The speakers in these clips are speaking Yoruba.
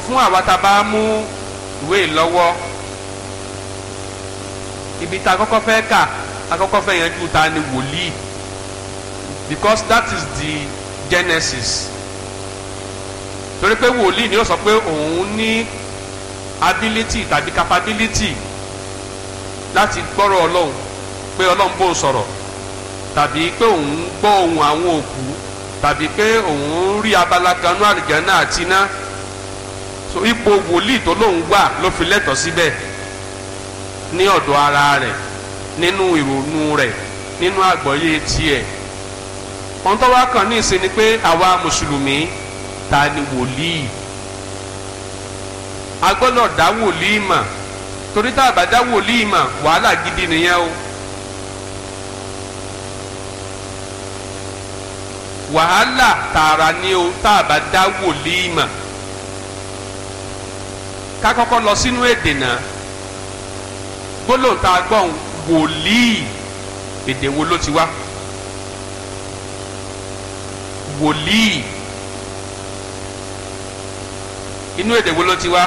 fún àwa tá a bá mú ìwé lọ́wọ́ ibi tá a kọ́kọ́ fẹ́ kà a kọ́kọ́ fẹ́ yanjú ta ni wòlíì because that is the genesis torí pé wòlíì ni ó sọ pé òun ní ability tàbí capability láti gbọ́rọ̀ ọlọ́run pé ọlọ́run bó ń sọ̀rọ̀ tàbí pé òun gbọ́ ohùn àwọn òkú tàbí pé òun rí abala kanú àlùjáná àti iná so ipò wòlíì tó lóun gbà ló fi lẹ́tọ̀ síbẹ̀ ní ọ̀dọ̀ ara rẹ̀ nínú ìrònú rẹ̀ nínú àgbọ́yé tiẹ̀ ohun tó wá kàn ní ìsìn ni pé àwa mùsùlùmí ta ni wòlíì a gbọ́dọ̀ dá wòlíì mà torí tá a bá dá wòlíì mà wàhálà gidi nìyẹn o wàhálà tààrà ni o tá a bá dá wòlíì mà. ká kọ́kọ́ lọ sínú èdè náà gbólóhùn tá a gbọ́ ń wòlíì èdè wo ló ti wá wòlíì inú èdè wo ló ti wá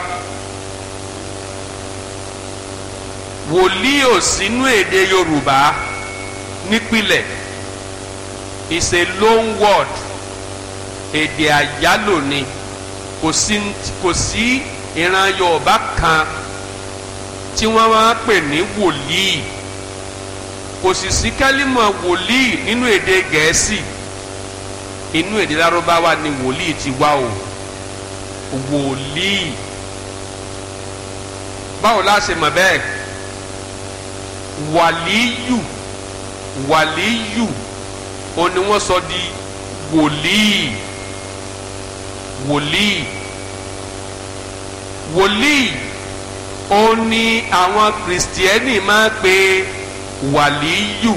wòlíì ò sínú èdè Yorùbá nípìlẹ̀ is a loan word èdè àyálò ni kò sí ìran yorùbá kan tí wọ́n máa pè ní wòlíì kò sì sí kálímọ̀ wòlíì nínú èdè gẹ̀ẹ́sì inú èdè lárúbáwá ni wòlíì ti wá o wòlíì báwo la ṣe mọ̀ bẹ́ẹ̀ wàlíyù wàlíyù òun wọ́n sọ di wòlíì wòlíì wòlíì òun ni àwọn kìrìsìtẹ́nì máa ń pe wàlíyù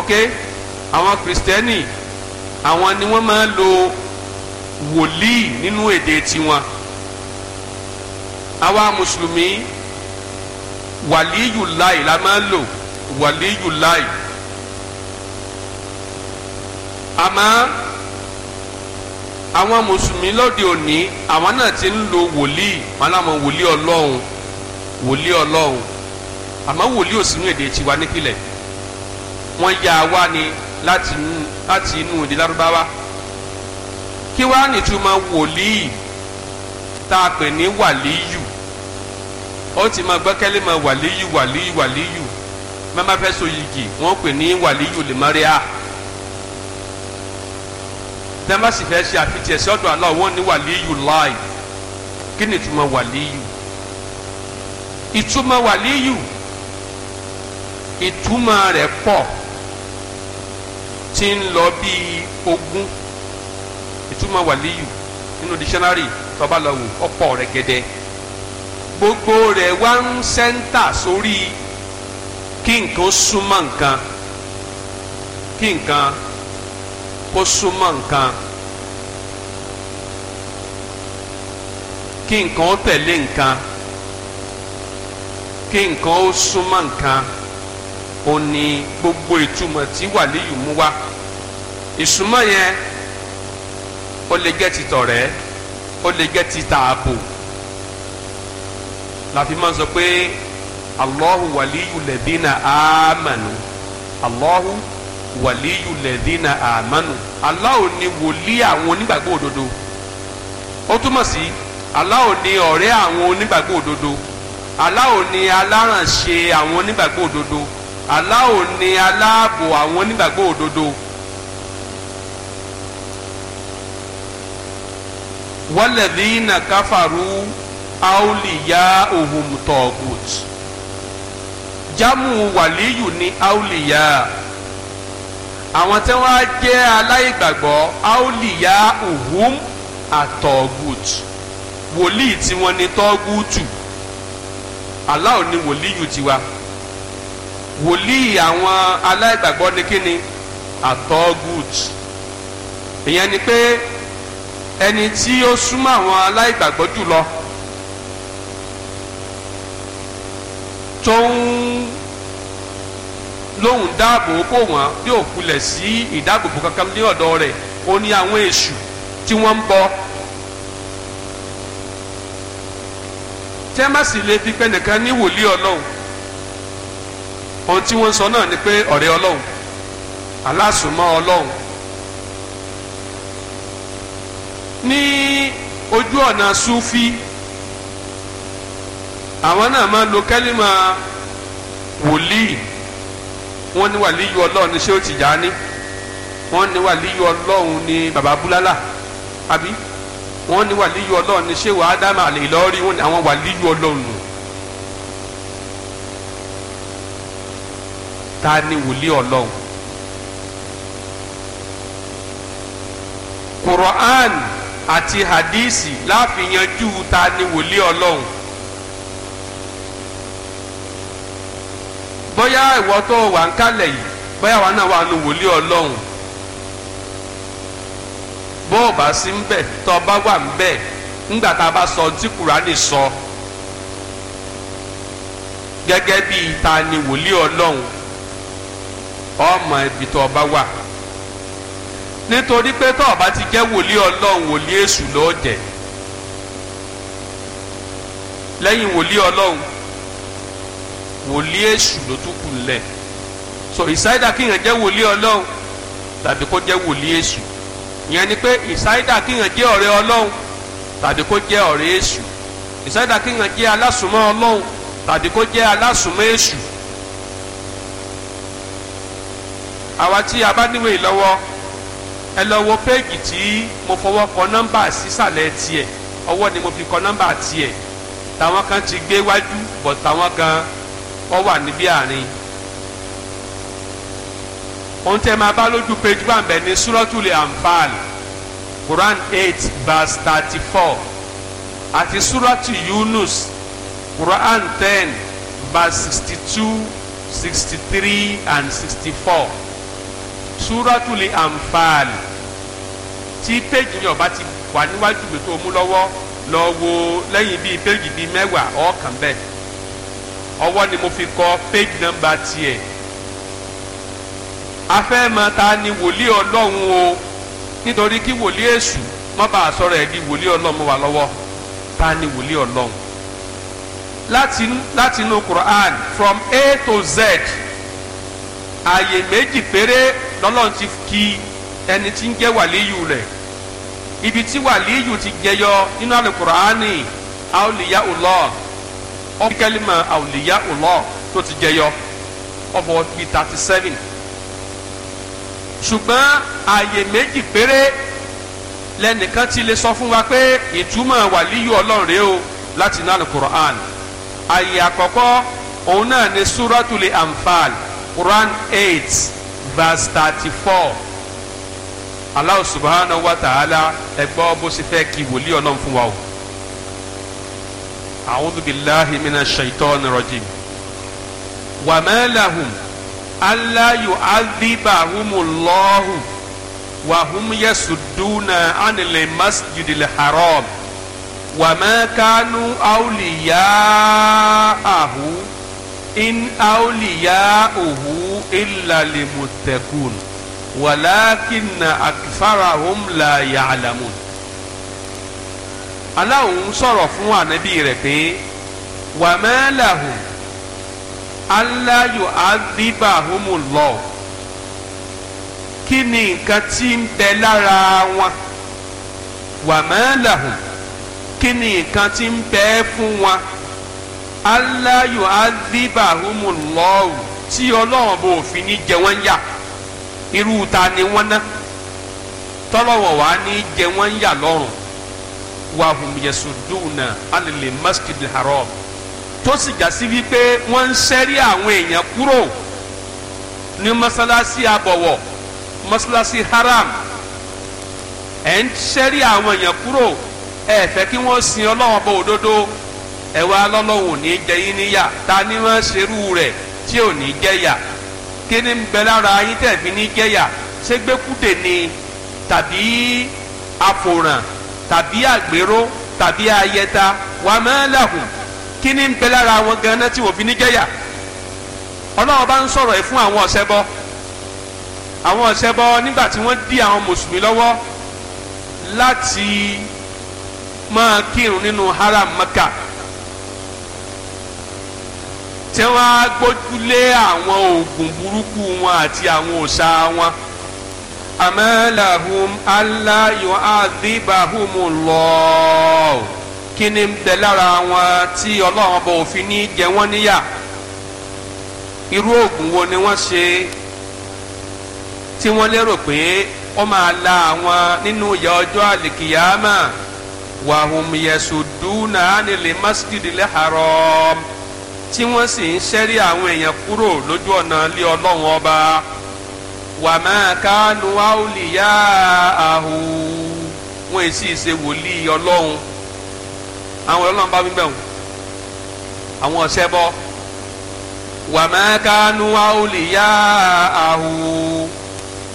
ok àwọn kìrìsìtẹ́nì àwọn ni wọ́n máa ń lo wòlíì nínú èdè tiwọn àwa mùsùlùmí wàlíyù láì la máa ń lò wàlíyù láì àmọ́ àwọn mùsùlùmí lóde òní àwọn náà ti ń lo wòlíì màlámọ wòlíì ọlọ́run wòlíì ọlọ́run àmọ́ wòlíì ò sínú èdè tiwa nípìnlẹ̀ wọ́n yá a wá ni láti inú èdè lárúbáwá kí wàá nìtumọ̀ wòlíì tá a pè ní wàlíyù ó ti máa gbẹ́kẹ̀lé mọ́ wàlíyù wàlíyù wàlíyù mẹ́má fẹ́ so yìgì wọ́n pè ní wàlíyù lè tẹ́lẹ̀ má sì fẹ́ ṣe àfitì ẹ̀sẹ̀ ọ̀dọ̀ Allah wọ́n ní wàlíyù láì kí ni ìtumọ̀ wàlíyù ìtumọ̀ wàlíyù ìtumọ̀ rẹ̀ pọ̀ tí ń lọ bí ogún ìtumọ̀ wàlíyù nínú dictionary tó bá lọ wò ọ̀pọ̀ rẹ̀ gẹ́dẹ́ gbogbo rẹ̀ wá ń sẹ́ńtà sórí kí nǹkan súnmọ́ nǹkan kí nǹkan kó súnmọ́ nǹkan kí nǹkan ó tẹ̀lé nǹkan kí nǹkan ó súnmọ́ nǹkan ó ní gbogbo ìtumọ̀ tí wàlíyù mú wá ìsúnmọ́ yẹn ó lè jẹ́ ti tọ̀rẹ́ ó lè jẹ́ ti tààbò láfi máa sọ pé Allahu wàlíyù lẹ́bí na ámànù Allahu wàlíyù lẹ́dínà àmánu aláwo ni wòlíì àwọn onígbàgbọ́ òdodo ó túmọ̀ sí aláwo ni ọ̀rẹ́ àwọn onígbàgbọ́ òdodo aláwo ni alárànṣe àwọn onígbàgbọ́ òdodo aláwo ni aláàbò àwọn onígbàgbọ́ òdodo. wàlẹ́dínà káfàrú aoliya ohun tọ̀gùt jámù wàlíyù ní aoliya àwọn tí wọ́n á jẹ́ aláìgbàgbọ́ aoliya uhum atọ́gùt wòlíì tí wọ́n ní tọ́gùtù Allah ni wòlíì tiwa wòlíì àwọn aláìgbàgbọ́ ni kíni atọ́gùt ìyẹn ni pé ẹni tí ó súnmọ́ àwọn aláìgbàgbọ́ jùlọ tó ń lóhùn dáàbò bò wọn yóò kulẹ̀ sí ìdáàbòbò kankan ní ọ̀dọ̀ rẹ̀ ó ní àwọn èṣù tí wọ́n ń bọ. tẹ́másì lè fi pẹ́ nìkan ní wòlíì ọlọ́run ohun tí wọ́n sọ náà ni pé ọ̀rẹ́ ọlọ́run sufi àwọn náà máa wọ́n ní wàlíyù ọlọ́run ní Ṣéhù Tìjàní wọ́n ní wàlíyù ọlọ́run ní bàbá búlálà àbí wọ́n ní wàlíyù ọlọ́run ní Ṣéhù ádámà àlè lọ́ọ́rí wọ́n ní àwọn wàlíyù ọlọ́run nù. ta ni wòlíì ọlọ́run Quran àti hadisi láfi yanjú ta ni wòlíì ọlọ́run. bóyá ìwọ tó wà ń kálẹ̀ yìí bóyá wà náà wà nù wòlíì ọlọ́run bó sí ń wà ń bẹ̀ ńgbà tá a sọ tí kùránì sọ gẹ́gẹ́ bí ta ni wòlíì ọlọ́run ọmọ ibi wà nítorí pé ti jẹ́ wòlíì ọlọ́run wòlíì èṣù lẹ́yìn wòlíì èṣù ló tún kù lẹ̀ so ìsáídà kíyàn jẹ́ wòlíì ọlọ́run tàbí kó jẹ́ wòlíì èṣù ìyẹn ni pé ìsáídà kíyàn jẹ́ ọ̀rẹ́ ọlọ́run tàbí kó jẹ́ ọ̀rẹ́ èṣù ìsáídà kíyàn jẹ́ alásùnmọ́ ọlọ́run tàbí kó jẹ́ alásùnmọ́ èṣù àwa tí a bá níwèé lọ́wọ́ ẹ lọ wo péèjì tí mo fọwọ́ kọ nọ́mbà sísàlẹ̀ tiẹ̀ ọwọ́ ni mo fi kọ nọ́mbà tiẹ̀ tàwọn kan ti gbé wájú bọ̀ tàwọn kan ọ wà níbí àárín ohun tẹ́ máa bá lójú page one bẹ̀ ní suratul anfal quran eight verse thirty four àti suratu yunus quran ten verse sixty two sixty three and sixty four suratul anfal tí péjì yẹn ọba ti wà níwájú gbèsè omú lọ́wọ́ lọ wo lẹ́yìn bíi péjì bíi mẹ́wàá ọ̀ọ́kàn bẹ́ẹ̀ ọwọ́ ni mo fi kọ page number tiẹ̀ afẹ́ ta ni wòlíì ọlọ́run o nítorí kí wòlíì èṣù má bàa sọ̀rọ̀ ẹ̀ di wòlíì ọlọ́run wà lọ́wọ́ ta ni wòlíì ọlọ́run láti láti inú Quran from A to Z ààyè méjì péré lọ́lọ́run ti kí ẹni tí ń jẹ́ wàlíyù rẹ̀ ibi tí wàlíyù ti jẹyọ nínú àlùkùránì àwòlíyá ọlọ́ọ̀ ọ̀kẹ́lìmọ̀ àwùlíyá ọ̀lọ́ tó ti jẹyọ ọ̀bọ̀ bíi thirty seven ṣùgbọ́n ààyè méjì péré lẹ́nìkan ti lè sọ fún wa pé ìtumọ̀ wàlíyù ọlọ́run rèé o láti inú alukur'an ààyè àkọ́kọ́ òun náà ni suratul anfal quran eight verse thirty four Allah subhanahu wa ta'ala ẹgbọ́ bó ṣe fẹ́ kí wòlíì ọlọ́run fún wa o. أعوذ بالله من الشيطان الرجيم وما لهم ألا يعذبهم الله وهم يصدون عن المسجد الحرام وما كانوا أولياءه إن أولياءه إلا لمتقون ولكن أكثرهم لا يعلمون Allah ń sọ̀rọ̀ fún ànábì rẹ̀ pé wa ma lahum alla yu'adhibahumullah kí ni nǹkan tí ń bẹ lára wọn wa ma lahum kí ni nǹkan tí ń bẹ fún wọn alla yu'adhibahumullah tí ọlọ́run bò fi ní jẹ wọ́n yà irú ta ni wọ́n ná tọ́lọ́wọ̀ wá ní jẹ wọ́n yà lọ́rùn. wahum yasuduna anile masjid haram tó sì já sí wípé wọ́n ń ṣẹ́rí àwọn èèyàn kúrò ní masalasi abọwọ masalasi haram ẹ̀ n ṣẹ́rí àwọn èèyàn kúrò ẹ fẹ́ kí wọ́n sin ọlọ́wọ́n bọ òdodo ẹ wá lọ́lọ́wọ́n ò ní jẹ yín níyà ta ni wọ́n ṣerú rẹ̀ tí ò ní jẹ́yà kí ni ń bẹ lára yín tẹ̀ fi ní jẹ́yà ṣé gbẹ́kúdè ni tàbí àfòràn tàbí àgbéró tàbí ayẹta wà máa làhùn kí ni ń bẹ lára wọn ganan tí wọ́n fi ní jẹ́yà ọlọ́run bá ń sọ̀rọ̀ ẹ̀ fún àwọn ọ̀ṣẹbọ àwọn ọ̀ṣẹbọ nígbà tí wọ́n dí àwọn mùsùlùmí lọ́wọ́ láti máa kírun nínú haram maka tí wọ́n á gbójúlé àwọn oògùn burúkú wọn àti àwọn òòṣà wọn. amalahum alla yu'adhibahumullah kí ni ń bẹ lára wọn tí ọlọ́run ọba òfin ní jẹ wọ́n níyà irú oògùn wo ni wọ́n ṣe tí wọ́n lérò pé ó máa la àwọn nínú ìyà ọjọ́ àlìkìyàmà wàhùn yẹ̀sùdúnà nílé masjidi lẹ́hàrọ̀ tí wọ́n sì ń ṣẹ́rí àwọn èèyàn kúrò lójú ọ̀nà ilé ọlọ́run ọba. wàmà kánú àwòlíyá àhù wọn èsì ṣe wòlíì ọlọ́run àwọn ọlọ́run bá mi bẹ̀ wọ́n àwọn ọ̀sẹ̀ bọ́ wàmà kánú àwòlíyá àhù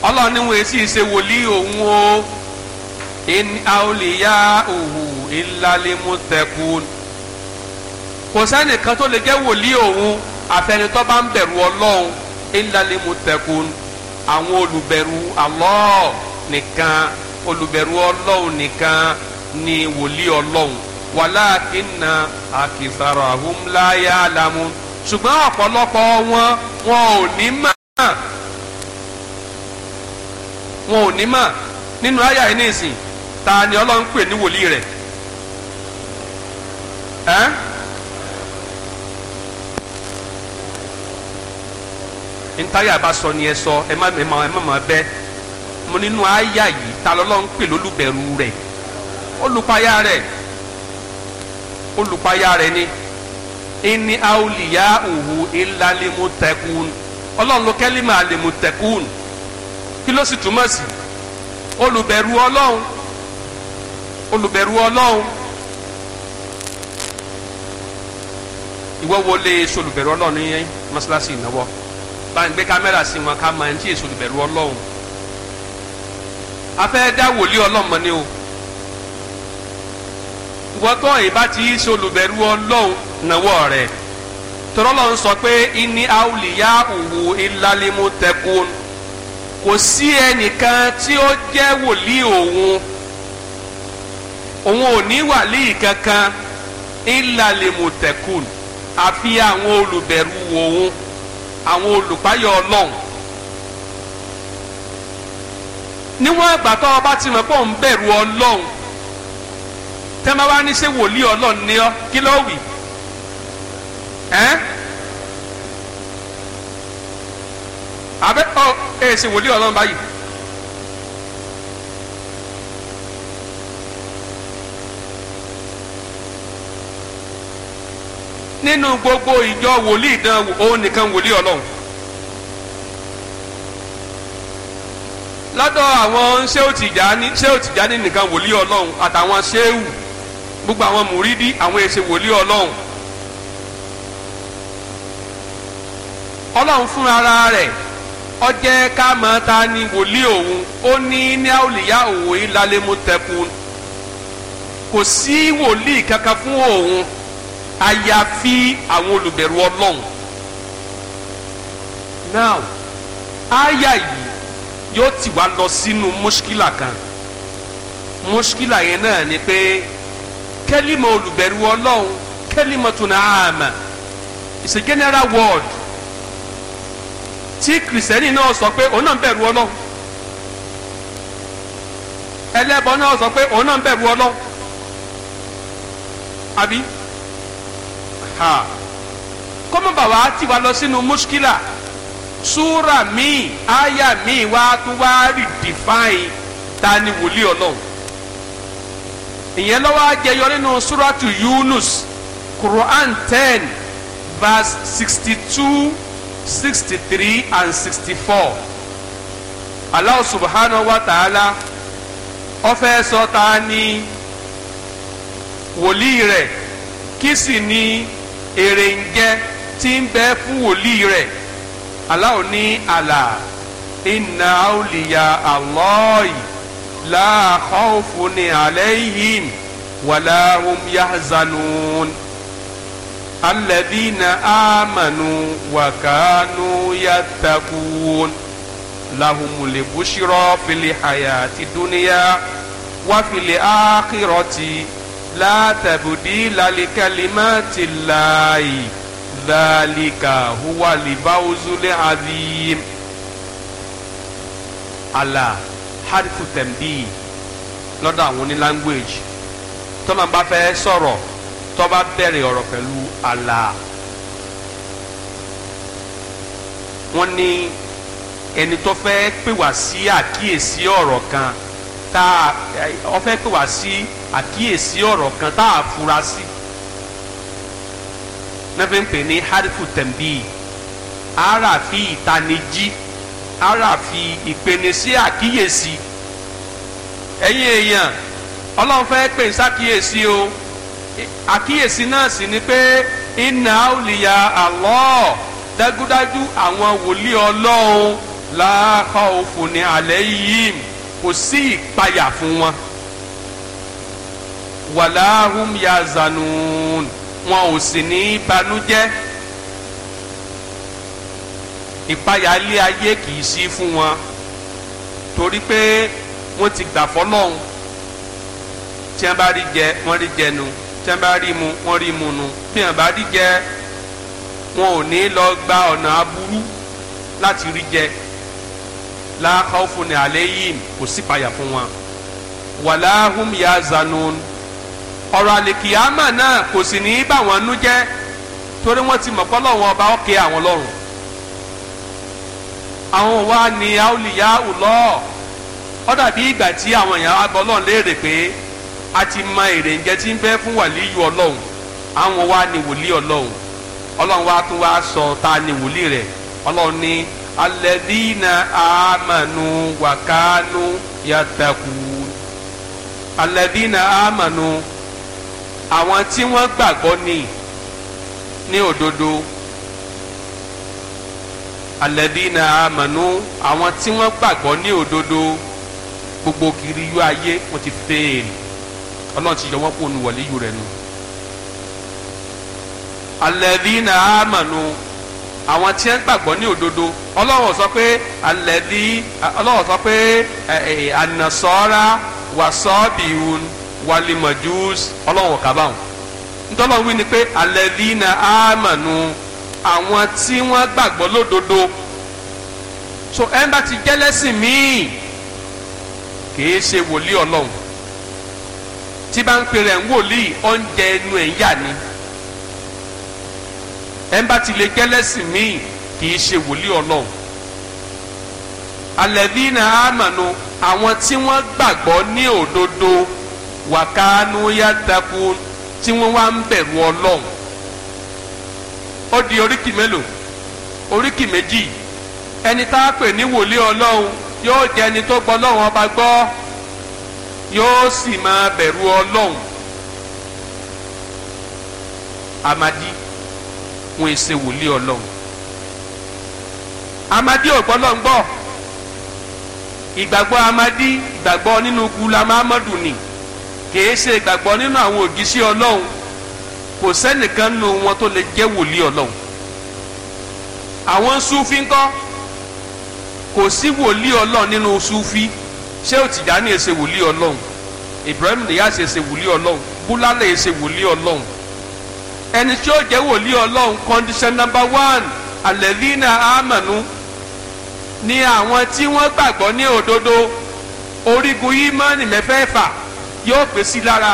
ọlọ́run ni wọn èsì ṣe wòlíì òun o in àwòlíyá òhù ìlàlẹ́mùtẹ̀kùn kò sẹ́nìkan tó lè jẹ́ wòlíì òun àfẹnitọ́ bá ń bẹ̀rù ọlọ́run ìlàlẹ́mùtẹ̀kùn. àwọn olùbẹ̀rù Allah nìkan olùbẹ̀rù ọlọ́run nìkan ni wòlíì ọlọ́run wàláàkínà akisarahum la ya'lamun ṣùgbọ́n ọ̀pọ̀lọpọ̀ wọn wọn ò ní mà wọn ò ní mà nínú àyà yìí nísìn ta ni ọlọ́run pè ní wòlíì rẹ̀ ẹ́. Eh? ntáyà bá sọ ni ẹ sọ ẹ má ẹ má ẹ má má bẹ mo nínú àyà yìí ta lọ́lọ́ ń pè lólùbẹ̀rù rẹ̀ olùpayà rẹ̀ olùpayà rẹ̀ ni inni awliya uhu illa limutekun ọlọ́run ló kẹ́límà limutekun kí ló sì túmọ̀ sí olùbẹ̀rù ọlọ́run olùbẹ̀rù ìwọ wo lè solùbẹ̀rù ọlọ́run ní ìnáwó bá ń gbé kámẹ́rà sí wọn ká máa ń tí èso ìbẹ̀rù ọlọ́run afẹ́ dá wòlíì ọlọ́mọ ni o wọ́tọ́ ìbá ti í ṣe olùbẹ̀rù ọlọ́run náwó rẹ̀ tọ́lọ́ ń sọ pé iní àwùlíyá òwò ìlàlímú tẹkùn kò sí ẹnìkan tí ó jẹ́ wòlíì òun òun ò ní wàlíì kankan ìlàlímú tẹkùn àfi àwọn olùbẹ̀rù òun àwọn olùpáyọ̀ ọlọ́run níwọ̀n àgbà tó o bá ti mọ̀ pọ̀ ń bẹ̀rù ọlọ́run tẹ́ máa wá ní ṣé wòlíì ọlọ́run ni ọ́ kí ló wì ẹ́ abẹ́ ọ ẹ̀ ṣe wòlíì ọlọ́run báyìí. nínú gbogbo ìjọ wòlíì dán òun nìkan wòlíì ọlọ́run lọ́dọ̀ àwọn ṣéwù tìjáni ṣéwù tìjáni nìkan wòlíì ọlọ́run àtàwọn ṣéwù gbogbo àwọn mùrídìí àwọn èsè wòlíì ọlọ́run ọlọ́run fún ara rẹ̀ ó jẹ́ ká mọ̀ ta ni wòlíì òun ó ní ní àwòlíyá òwò yìí lálẹ́ mú tẹkùn kò sí wòlíì kankan fún òun àyàfi àwọn olùbẹ̀rù ọlọ́run now aya yìí yóò ti wá lọ sínú mọ́ṣíkìlà kan mọ́ṣíkìlà yẹn náà ni pé kẹ́límọ̀ olùbẹ̀rù ọlọ́run kẹ́límọ̀ tó náà àmà it's a general word tí kìrìsìtẹ́nì náà sọ pé òun náà ń bẹ̀rù ọlọ́run ẹlẹ́bọ náà sọ pé òun náà bẹ̀rù ọlọ́run àbí kọ́mọ̀bà wa ti wá lọ sínú muskila súra míì àyà míì wá tó wá redefine ta ni wòlíì ọlọ́run ìyẹn lọ́wọ́ ajẹyọ nínú súratu Yunus Quran ten verse sixty two sixty three and sixty four Allah subhanahu wa ta'ala ó fẹ́ sọ ta ni wòlíì rẹ̀ kí sì ni èrè ń jẹ́ tí ń bẹ fún wòlíì rẹ̀ aláwo ní àlà inna awliya Allahi la khawfun alayhim wala hum yahzanun alladhina amanu wa kanu yattaqun lahumul bushra fil hayati dunya wa fil akhirati látàbùdí làlìkàlìmá ti láàyè dhalika huwa libawzul azim ala harifu tẹ̀m̀bì lọ́dọ̀ àwọn ní language tọ́mà bá fẹ́ sọ̀rọ̀ tọ́ba bẹ̀rẹ̀ ọ̀rọ̀ pẹ̀lú ala wọ́n ní ẹni tó fẹ́ pè wá sí àkíyèsí ọ̀rọ̀ kan tá a ọ fẹ́ pè wá sí àkíyèsí ọ̀rọ̀ kan tá a fura sí náà fi ń pè ní harifu tẹ̀m̀bì ara fi ìtanijí ara fi ìpèní sí àkíyèsí ẹ̀yin èèyàn ọlọ́run fẹ́ pè sákíyèsí o àkíyèsí náà sì ni pé iná òlìyà Allah dájúdájú àwọn wòlíì ọlọ́run la khawfun alayhim kò sí ìpayà fún wọn wàláhùn yazanun wọn ò sì ní banújẹ́ ìpayà ilé ayé kìí sí fún wọn torí pé wọ́n ti gbà fọ́lọ́hún tí wọ́n bá rí jẹ wọ́n rí jẹ nu tí wọ́n bá rí mu wọ́n rí mu nu bí wọ́n bá rí jẹ wọn ò ní lọ gba ọ̀nà aburú láti rí jẹ. la khawfun alayhim kò sí payà fún wọn wala hum zanun ọ̀rọ̀ àlìkìyàmà náà kò sì ní í bà wọ́n nú jẹ́ torí wọ́n ti mọ̀ pọ́lọ́wọ́n ọba ọ̀kẹ́ àwọn lọ́rùn àwọn wa ni àwòlíyá ọlọ́ ọ dàbí ìgbà tí àwọn èèyàn abọ́ ọlọ́run léèrè pé a ti mọ èrè ń jẹ́ tí ń fẹ́ fún wàlíyù ọlọ́run àwọn wa ni wòlíì ọlọ́run ọlọ́run wa tún wá sọ ta ni wòlíì rẹ̀ ọlọ́run ní alẹ́dínà àmànù wàkánù yàtàkù alẹ́dínà àmànù àwọn tí wọ́n gbàgbọ́ ní ní òdodo alẹ́dínà àmànù àwọn tí wọ́n gbàgbọ́ ní òdodo gbogbo kiri yó ayé wọ́n ti fèèrè ọlọ́run ti yọ wọ́n kó nu wọ̀lẹ́yù rẹ̀ nu alẹ́dínà àmànù. àwọn tí wọ́n gbàgbọ́ ní òdodo ọlọ́wọ́ sọ pé alẹ́dí ọlọ́wọ́ sọ pé ànàsọ́ra eh, eh, eh, wàsọ́bìhùn wàlìmọ̀júùs ọlọ́wọ́ kábàáhùn ntọ́lọ́ wí ni pé alẹ́dí na àmànù àwọn tí wọ́n gbàgbọ́ lódodo so ẹ̀ ń bá ti jẹ́lẹ́sìn míì kìí ṣe wòlíì ọlọ́run tí bá ń pè rẹ̀ ń wòlíì oúnjẹ ẹnu ẹ̀ ń yà ni ẹnba ti lè jẹ́lẹ́sìn míì kì í ṣe wòlíì ọlọ́run alẹ́bínà àmànù àwọn tí wọ́n gbàgbọ́ ní òdodo wàkánú yàtàkù tí wọ́n wá ń bẹ̀rù ọlọ́run ó di oríkì mélòó oríkì méjì ẹni tá a pè ní wòlíì ọlọ́run yóò jẹ́ ẹni tó gbọ́ ọlọ́run ọba gbọ́ yóò sì máa bẹ̀rù ọlọ́run amadi wọn èsè wòlíì ọlọ́run amadi ògbọ́lọ́ngbọ́ ìgbàgbọ́ amadi ìgbàgbọ́ nínú gulama amadu ni kìí ṣe ìgbàgbọ́ nínú àwọn òjíṣẹ́ ọlọ́run kò sẹ́nìkan nínú wọn tó lè jẹ́ wòlíì ọlọ́run àwọn sufi ńkọ́ kò sí wòlíì ọlọ́run nínú sufi ṣé ó Tìjàní èsè wòlíì ọlọ́run Ibrahim Niyas èsè wòlíì ọlọ́run Búlálẹ̀ èsè wòlíì ọlọ́run ẹni tí ó jẹ́ wòlíì ọlọ́run condition number one alẹ́línà àmọ̀nù ni àwọn tí wọ́n gbàgbọ́ ní òdodo orígun ìmọ̀ọ́nì mẹ́fẹ̀ẹ̀fà yóò pè sí lára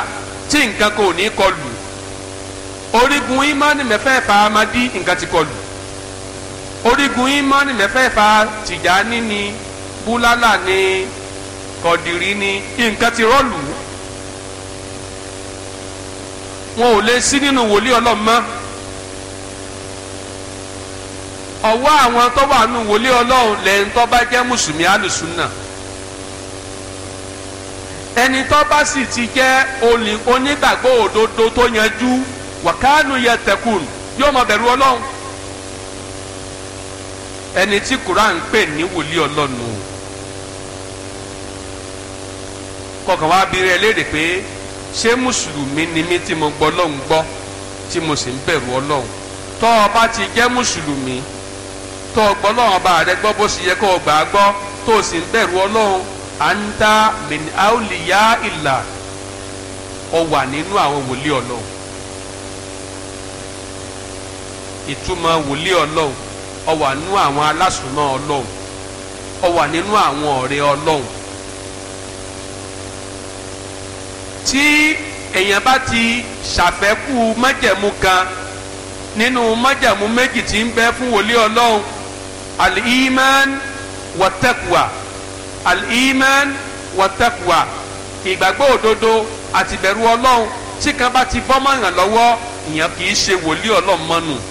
tí nǹkan kò ní kọlù orígun ìmọ̀ọ́nì mẹ́fẹ̀ẹ̀fà amadi nǹkan ti kọlù orígun ìmọ̀ọ́nì mẹ́fẹ̀ẹ̀fà tìjàní ni búlálà ni kọ̀dìrí ni nǹkan ti rọ́ọ̀lù wọn ò lè sí nínú wòlíì ọlọ́run mọ́ ọwọ́ àwọn tó wà nínú wòlíì ọlọ́run lẹ́yìn tó bá jẹ́ mùsùlùmí alùsùnà ẹni tó bá sì ti jẹ́ onígbàgbọ́ òdodo tó yanjú wàkánù yẹ tẹkùn yóò mọ bẹ̀rù ọlọ́run ẹni tí Quran pè ní wòlíì ọlọ́run kọ̀ọ̀kan wá bí rẹ̀ léde pé. ṣé mùsùlùmí ni mí tí mo gbọ́ ọlọ́run gbọ́ tí mo sì ń bẹ̀rù ọlọ́run tó o bá ti jẹ́ mùsùlùmí tó o gbọ́ ọlọ́run ọba rẹ gbọ́ bó sì yẹ kó o gbà á gbọ́ tó o sì ń bẹ̀rù ọlọ́run anta min auliya ìlà o wà nínú àwọn wòlíì ọlọ́run ìtumọ̀ wòlíì ọlọ́run o wà nínú àwọn alásùnmọ́ ọlọ́run o wà nínú àwọn ọ̀rẹ́ ọlọ́run tí èèyàn bá ti ṣàfẹ́kù májẹ̀mú kan nínú májẹ̀mú méjì tí ń bẹ fún wòlíì ọlọ́run al-iman wa taqwa al-iman wa taqwa ìgbàgbọ́ òdodo àti ìbẹ̀rù ọlọ́run tí kan bá ti bọ́ mọ́ ìrànlọ́wọ́ ìyẹn kì í ṣe wòlíì ọlọ́run mọ́nu.